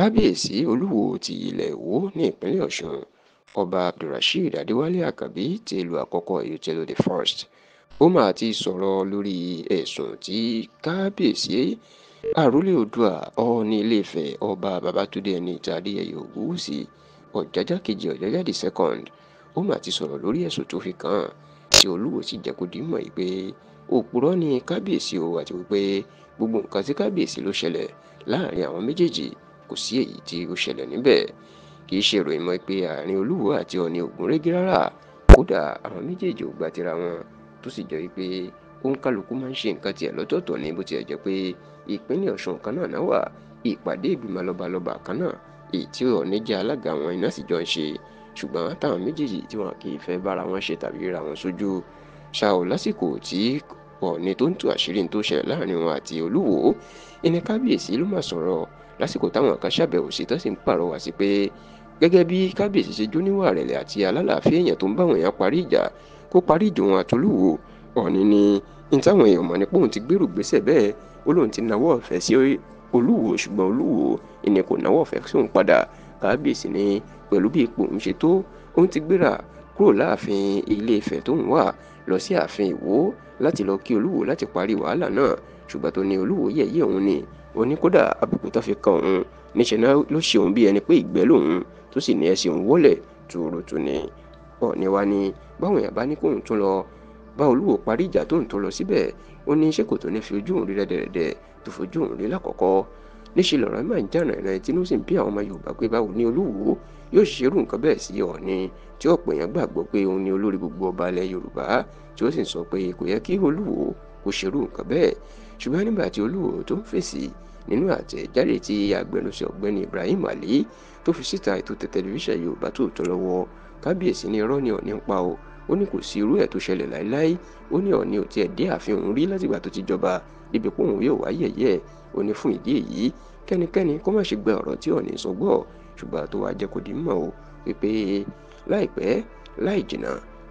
kábíyèsí olùwọ́ọ́ ti ilẹ̀ èwò ní ìpínlẹ̀ ọ̀sùn ọba abdulrasheed adéwálé àkànbí ti ìlú àkọ́kọ́ ìlútẹ́lò the first ó máa ti sọ̀rọ̀ lórí ẹ̀sùn tí kábíyèsí àrólé oòdùà ọọ̀ni ilé-ifẹ̀ ọba babátúndé ẹnìtàn adéyẹyè ògúnwùsì ọ̀jájá kejì ọ̀jájá the second ó máa ti sọ̀rọ̀ lórí ẹ̀sùn tó fi kàn án tí olúwo sì jẹ́ kó dìímọ̀ yìí pé òpùrọ́ ni kábíyèsí o àti wípé gbogbo nǹkan tí kábíyèsí ló ṣẹlẹ̀ láàrin àwọn méjèèjì kò sí èyí tí ó ṣẹlẹ̀ níbẹ̀ kì í ṣe ìròyìn mọ́ pé àárín olúwo àti ọ̀ni ògún régí rárá kódà àwọn méjèèjì ò gba tira wọn tó sì jọ pé òǹkàlùkù máa ń ṣe nǹkan tiẹ̀ lọ́tọ̀ọ̀tọ̀ ní bó tiẹ̀ jẹ́ pé ìpínlẹ̀ ọ̀ṣun kan náà náà wà ìpàdé ìgbìmọ̀ lọ́balọ́ba kan náà èyí tí ọ̀ni jẹ́ alága àwọn iná sì jọ ń ṣe ṣùgbọ́n táwọn méjèèjì tí wọn kì í fẹ́ bára wọn ṣe tàbí ra wọn sójú ṣáò lásìkò tí ọ̀ni tó ń tú àṣírí tó ṣẹlẹ̀ láàrin wọn àti olúwo ẹni kábíyèsí ló máa sọ̀rọ̀ lásìkò táwọn kan ṣàbẹ̀wò sí tán sì ń pàrọwà sí pé gẹ́gẹ́ bí kábíyèsí ṣe jó níwà rẹ̀lẹ̀ àti alálàáfíà èèyàn tó ń báwọn èèyàn parí ìjà kó parí ìjà òun àtolúwo ọ̀ọ́ni ni ní táwọn èèyàn mọ̀ ní pòun ti gbèrú gbèsè bẹ́ẹ̀ ó lóun ti nawọ́ ọ̀fẹ́ sí olúwo ṣùgbọ́n olúwo ìní kò nawọ́ ọ̀fẹ́ sóun padà kábíyèsí ni pẹ̀lú bí ipò òun ṣe tó òun ti gbéra kúrò láàfin ilé Ifẹ̀ tóun wà lọ sí ààfin Ìwó láti lọ kí olúwo láti parí wàhálà náà ṣùgbọ́n tó ní olúwo yẹ̀yẹ́ òun ni ó ní kódà àbùkù fi kan òun níṣẹ́ náà ló ṣe òun bí ẹni pé ìgbẹ́ lòun tó sì ní ẹsẹ̀ òun tòrótò ni Ọọ̀ni wa ni báwọn èèyàn bá ní kóun tún lọ bá Olúwo parí ìjà tóun tó lọ síbẹ̀ ó ní ṣé kò tó ní fi ojú òun rí rẹ́dẹ̀rẹ́dẹ̀ tó fojú òun rí lákọ̀ọ́kọ́ níṣẹ́ lọ̀rọ̀ máa ń jànà ìran ẹtí ló sì ń bí àwọn ọmọ Yorùbá pé báwo ni Olúwo yóò ṣerú nǹkan bẹ́ẹ̀ sí Ọọ̀ni tí ọ̀pọ̀ èèyàn gbàgbọ́ pé òun ni olórí gbogbo ọba ilẹ̀ Yorùbá tí ó sì sọ pé kò yẹ kí Olúwo kò ṣerú nǹkan bẹ́ẹ̀ ṣùgbọ́n nígbà tí olúwo tó ń fèsì nínú àtẹ̀jáde tí agbẹnusọ ọ̀gbẹ́ni Ibrahim Ali tó fi síta ètò tẹlifíṣàn Yorùbá tó tọ́ lọ́wọ́ kábíyèsí ni irọ́ ni Ọọ̀ni ń pa o ó ní kò sí irú ẹ̀ tó ṣẹlẹ̀ láéláé ó ní Ọọ̀ni ò tiẹ̀ dé ààfin òun rí látìgbà tó ti jọba níbi pé òun yóò wáyé ẹ̀yẹ́ ò ní fún ìdí èyí kẹ́nikẹ́ni kó má ṣe gba ọ̀rọ̀ tí Ọọ̀ni sọ gbọ́ ṣùgbọ́n tó wàá jẹ́ kó di mọ̀ o wípé láìpẹ́ láì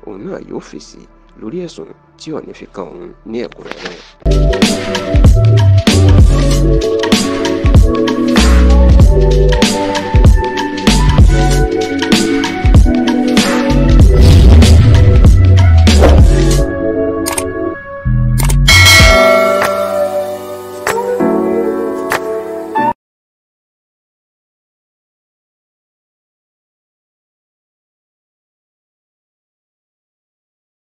òun náà yóò fèsì lórí ẹ̀sùn tí Ọọ̀ni fi kan òun ní ẹ̀kúnrẹ́rẹ́.